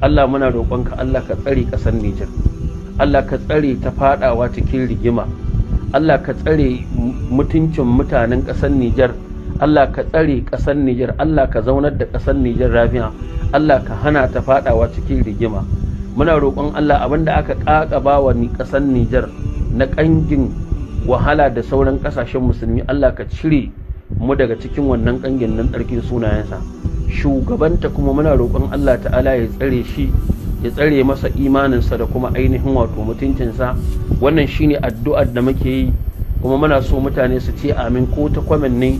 Allah muna roƙonka Allah ka tsare ƙasar Nijar Allah ka tsare ta fadawa cikin rigima Allah ka tsare mutuncin mutanen ƙasar Nijar Allah ka tsare ƙasar Nijar Allah ka zaunar da ƙasar Nijar rafiya Allah ka hana ta fadawa cikin rigima muna roƙon Allah abinda aka ƙaƙaba wa ƙasar Nijar na ƙangin wahala da sauran ƙasashen musulmi Allah ka cire mu daga cikin wannan ƙangin nan tsarkin sunayensa shugabanta kuma muna roƙon Allah ta'ala ya tsare shi ya tsare masa imaninsa da kuma ainihin wato mutuncinsa wannan shine addu'ar da muke yi kuma muna so mutane su ce amin ko ta kwamin ne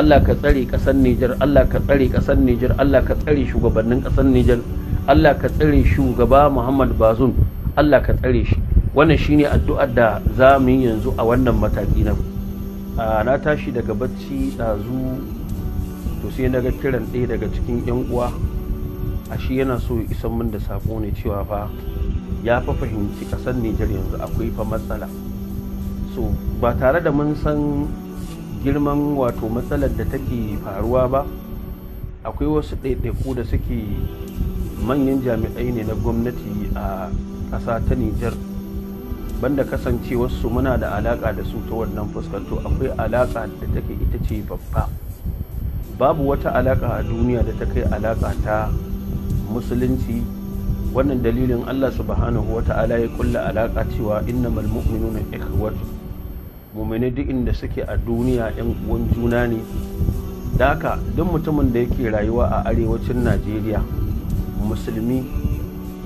Allah ka tsare ƙasar Nijar Allah ka tsare ƙasar Nijar Allah ka tsare shugabannin ƙasar Nijar Allah ka tsare shugaba Muhammad Bazoum Allah ka tsare shi wannan shine addu'ar da za mu yi yanzu a wannan mataki na ah, na tashi daga bacci ɗazu to sai na ga kiran ɗaya daga cikin 'yan uwa a shi yana so ya isan min da sako ne cewa fa ya fa fahimci ƙasar Nijar yanzu akwai fa matsala so ba tare da mun san girman wato matsalar da take faruwa ba akwai wasu ɗaiɗaiku da suke manyan jami'ai ne na gwamnati a ƙasa ta Nijar banda kasancewarsu muna da alaƙa da su ta wannan fuskar akwai alaƙa da take ita ce babba. babu wata alaƙa a duniya da ta kai alaƙa ta musulunci wannan dalilin Allah subhanahu wa ta'ala ya kulla alaka cewa innamal mu'minuna ikhwatu mu'mini duk inda suke a duniya yan uwan juna ne daka duk mutumin da yake rayuwa a arewacin Najeriya musulmi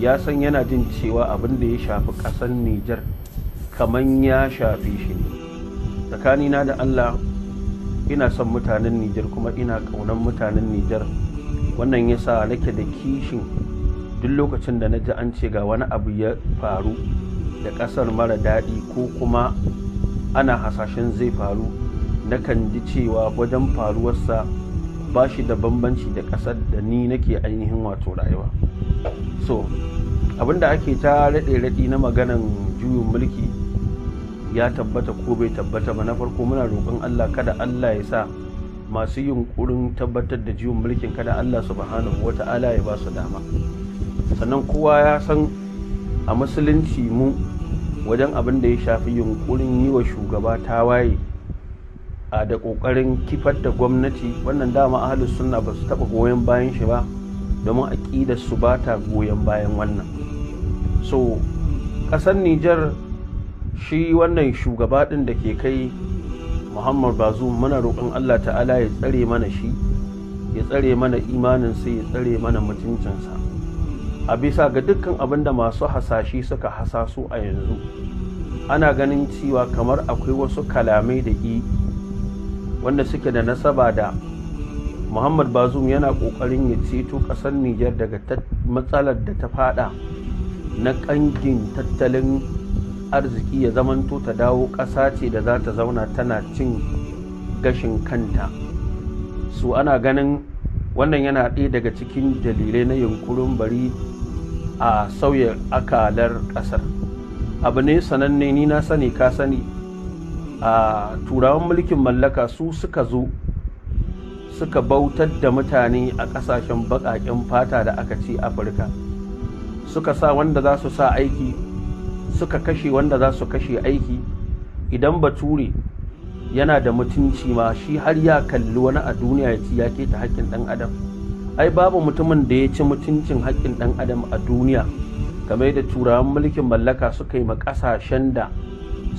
ya san yana jin cewa abin da ya shafi kasan Nijar kaman ya shafi shi ne tsakanina da Allah ina son mutanen nijar kuma ina kaunan mutanen nijar wannan ya sa nake da kishin duk lokacin da na ji an ce ga wani abu ya faru da ƙasar mara daɗi ko kuma ana hasashen zai faru na kan ji cewa wajen faruwarsa ba shi da bambanci da ƙasar da ni nake ainihin wato rayuwa so abinda ake ta raɗe-raɗi na maganan juyin mulki ya tabbata ko bai tabbata ba na farko muna roƙon Allah kada Allah ya sa masu yunƙurin tabbatar da jiwon mulkin kada Allah subhanahu wata'ala ya ba su dama sannan kowa ya san a musulunci mu wajen abin da ya shafi yunkurin yi wa shugaba tawaye a da ƙoƙarin kifar da gwamnati wannan dama ahalus sunna ba su taɓa goyon bayan shi ba domin aƙidar su ba ta goyon bayan wannan so ƙasar Nijar shi wannan shugaba ɗin da ke kai muhammad bazu mana roƙon allah ta'ala ya tsare mana shi ya tsare mana imaninsa ya tsare mana mutuncinsa a bisa ga dukkan abin da masu hasashi suka hasaso a yanzu ana ganin cewa kamar akwai wasu kalamai da i wanda suke da nasaba da muhammad bazum yana ƙoƙarin ya ceto ƙasar niger daga matsalar da ta fada na ƙangin tattalin arziki ya zamanto ta dawo ƙasa ce da za ta zauna tana cin gashin kanta su ana ganin wannan yana ɗaya daga cikin dalilai na yunkurin bari a sauya akalar ƙasar abu ne sananne ni na sani ka sani a turawan mulkin mallaka su suka zo suka bautar da mutane a ƙasashen baƙaƙen fata da aka ci afirka suka sa wanda za su sa aiki suka kashe wanda za su kashe aiki idan bature yana da mutunci ma shi har ya kalli wani a duniya ya ci ya keta haƙƙin ɗan adam ai babu mutumin da ya ci mutuncin haƙƙin ɗan adam a duniya game da turawan mulkin mallaka suka yi ma ƙasashen da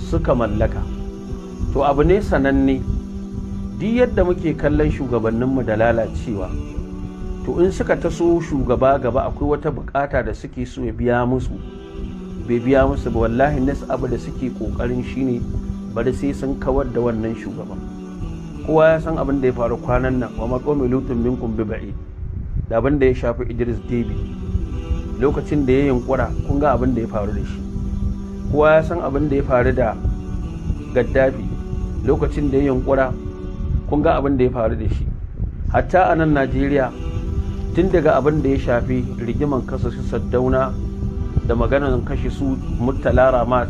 suka mallaka to abu ne sananne duk yadda muke kallon shugabanninmu da lalacewa to in suka taso shugaba gaba akwai wata bukata da suke so ya biya musu bai biya musu ba wallahi nas abu da suke kokarin shine bari sai sun kawar da wannan shugaban kowa ya san abin da ya faru kwanan nan wa maqami lutun minkum bi ba'i da abin da ya shafi Idris Debi lokacin da ya yunkura kun ga abin da ya faru da shi kowa ya san abin da ya faru da Gaddafi lokacin da ya yunkura kun ga abin da ya faru da shi hatta a nan Najeriya tun daga abin da ya shafi rigiman kasashe Saddauna da maganan kashe su murtala ramat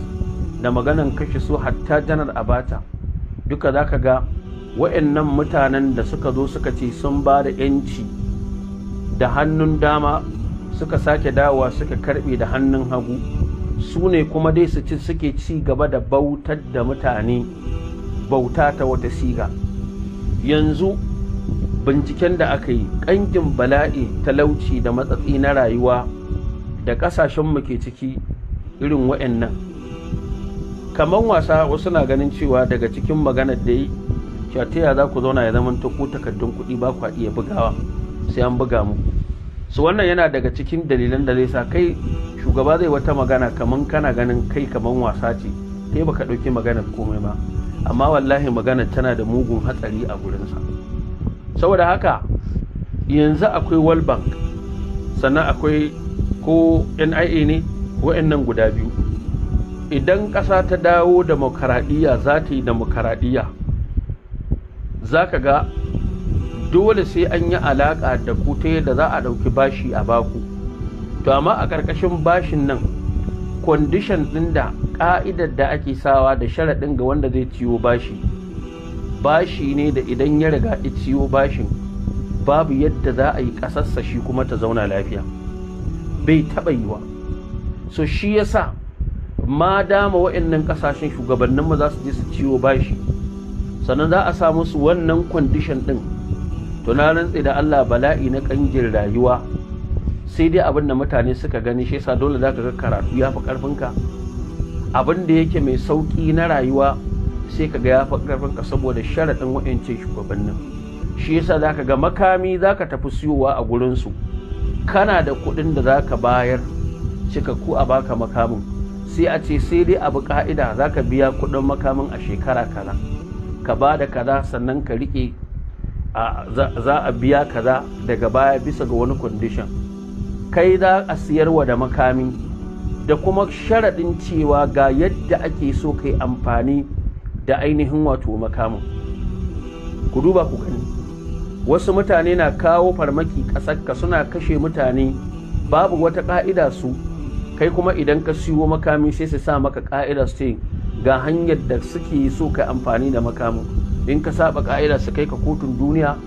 da maganan kashe su hatta janar abata duka za ka ga wa'annan mutanen da suka zo suka ce sun ba da 'yanci da hannun dama suka sake dawa suka karbe da hannun hagu su ne kuma dai su ci suke ci gaba da bautar da mutane bauta ta wata siga yanzu binciken da aka yi ƙangin bala'i talauci da matsatsi na rayuwa da ƙasashenmu ke ciki irin wa'annan kamar wasa wasu na ganin cewa daga cikin maganar da yi ya za ku zauna ya zama ta ko takardun kuɗi ba ku iya bugawa sai an buga mu su wannan yana daga cikin dalilan da zai sa kai shugaba zai wata magana kaman kana ganin kai kamar wasa ce kai baka ɗauki maganar komai ba amma wallahi maganar tana da mugun hatsari a gurinsa saboda haka yanzu akwai world bank sannan akwai ko nia ne wa'annan guda biyu idan ƙasa ta dawo demokaradiyya za ta yi demokaradiyya za ka ga dole sai an yi alaƙa da ku ta yadda za a ɗauki bashi a baku to amma a ƙarƙashin bashin nan kwandishan ɗin da ƙa'idar da ake sawa da sharaɗin ga wanda zai ciwo bashi bashi ne da idan ya riga ciwo bashin babu yadda za a yi ƙasassa shi kuma ta zauna lafiya. bai taɓa wa so shi sa ma dama wa'annan kasashen shugabannin ma za su je su ciwo bashi sannan za a sa musu wannan kwandishan ɗin to na rantse da Allah bala'i na kangin rayuwa sai dai abin da mutane suka gani shi yasa dole ka ga karatu ya fi karfinka abin da yake mai sauƙi na rayuwa sai ka ga ya fi karfinka saboda sharaɗin wa'ancin shugabannin shi yasa ka ga makami za ka tafi siyowa a gurinsu su kana da kuɗin da za ka bayar cikakku a baka makamin sai a ce sai dai abu ka'ida za ka biya kuɗin makamin a shekara kaza ka ba da kaza sannan ka riƙe za a biya kaza daga baya bisa ga wani kwandishan kai za a siyarwa da makami da kuma sharaɗin cewa ga yadda ake so kai amfani da ainihin wato makamin ku duba ku gani wasu mutane na kawo farmaki ƙasarka suna kashe mutane babu wata ƙa'ida su kai kuma idan ka siyo makami sai su sa maka ƙa'ida su ga hanyar da suke so ka amfani da makamin in ka saba ƙa'ida su kai ka kotun duniya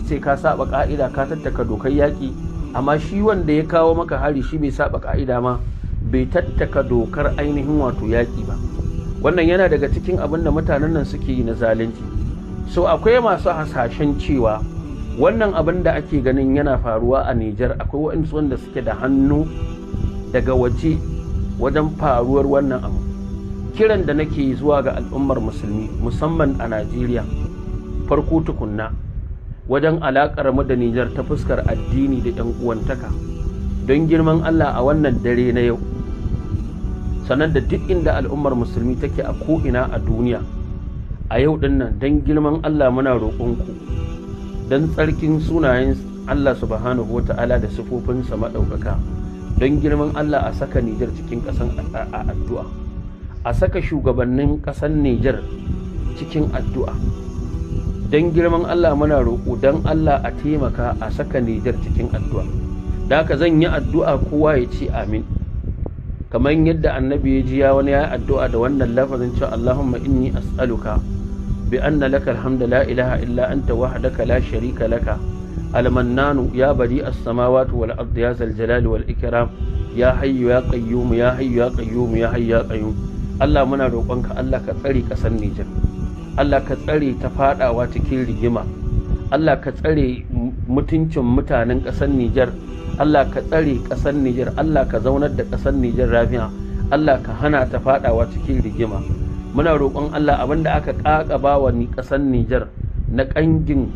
su ce ka saba ƙa'ida ka tattaka dokar yaƙi amma shi wanda ya kawo maka hari shi bai saba ƙa'ida ma bai tattaka dokar ainihin wato yaƙi ba wannan yana daga cikin abin da mutanen nan suke yi na zalunci so akwai masu hasashen cewa wannan abin da ake ganin yana faruwa a Nijar akwai waɗansu wanda suke da hannu daga waje wajen faruwar wannan abu kiran da nake zuwa ga al'ummar musulmi musamman a Najeriya farko tukunna wajen alaƙar mu da Nijar ta fuskar addini da ‘yan uwantaka don girman Allah a wannan dare na yau sanar da duk inda al'ummar musulmi take a ko'ina a duniya a yau dinnan don girman Allah muna roƙonku don tsarkin sunayen Allah subhanahu wa ta'ala da sufofinsa maɗaukaka don girman Allah a saka Nijar cikin ƙasan addu'a a saka shugabannin ƙasan Nijar cikin addu'a don girman Allah muna roƙo don Allah a taimaka a saka Nijar cikin addu'a da haka zan yi addu'a kowa ya ce amin kamar yadda annabi ya ji ya wani ya yi addu'a da wannan lafazin cewa Allahumma inni as'aluka بأن لك الحمد لا إله إلا أنت وحدك لا شريك لك المنان يا بديع السماوات والأرض يا ذا الجلال والإكرام يا حي يا قيوم يا حي يا قيوم يا حي يا قيوم الله منا روƙonka Allah ka tsare ƙasar Nijar Allah ka tsare ta faɗawa cikin rigima Allah ka tsare mutuncin mutanen ƙasar Nijar Allah ka tsare ƙasar Nijar Allah ka zaunar da ƙasar Nijar rafiya Allah ka hana ta faɗawa cikin rigima muna roƙon Allah abinda aka ƙaƙaba wa ni ƙasar Nijar na ƙangin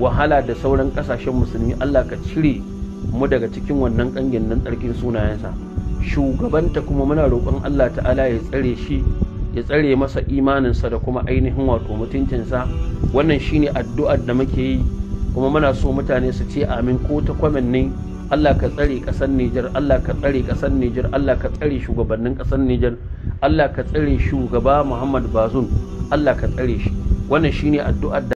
wahala da sauran ƙasashen musulmi Allah ka cire mu daga cikin wannan ƙangin nan tsarkin sunayensa shugabanta kuma muna roƙon Allah ta'ala ya tsare shi ya tsare masa imaninsa da kuma ainihin wato mutuncinsa wannan shine addu'ar da muke yi kuma muna so mutane su ce amin ko ta kwamin ne Allah ka tsare ƙasar Nijar Allah ka tsare ƙasar Nijar Allah ka tsare shugabannin ƙasar Nijar Allah ka tsare shugaba Muhammad Bazum Allah ka tsare shi wannan shine addu'ar da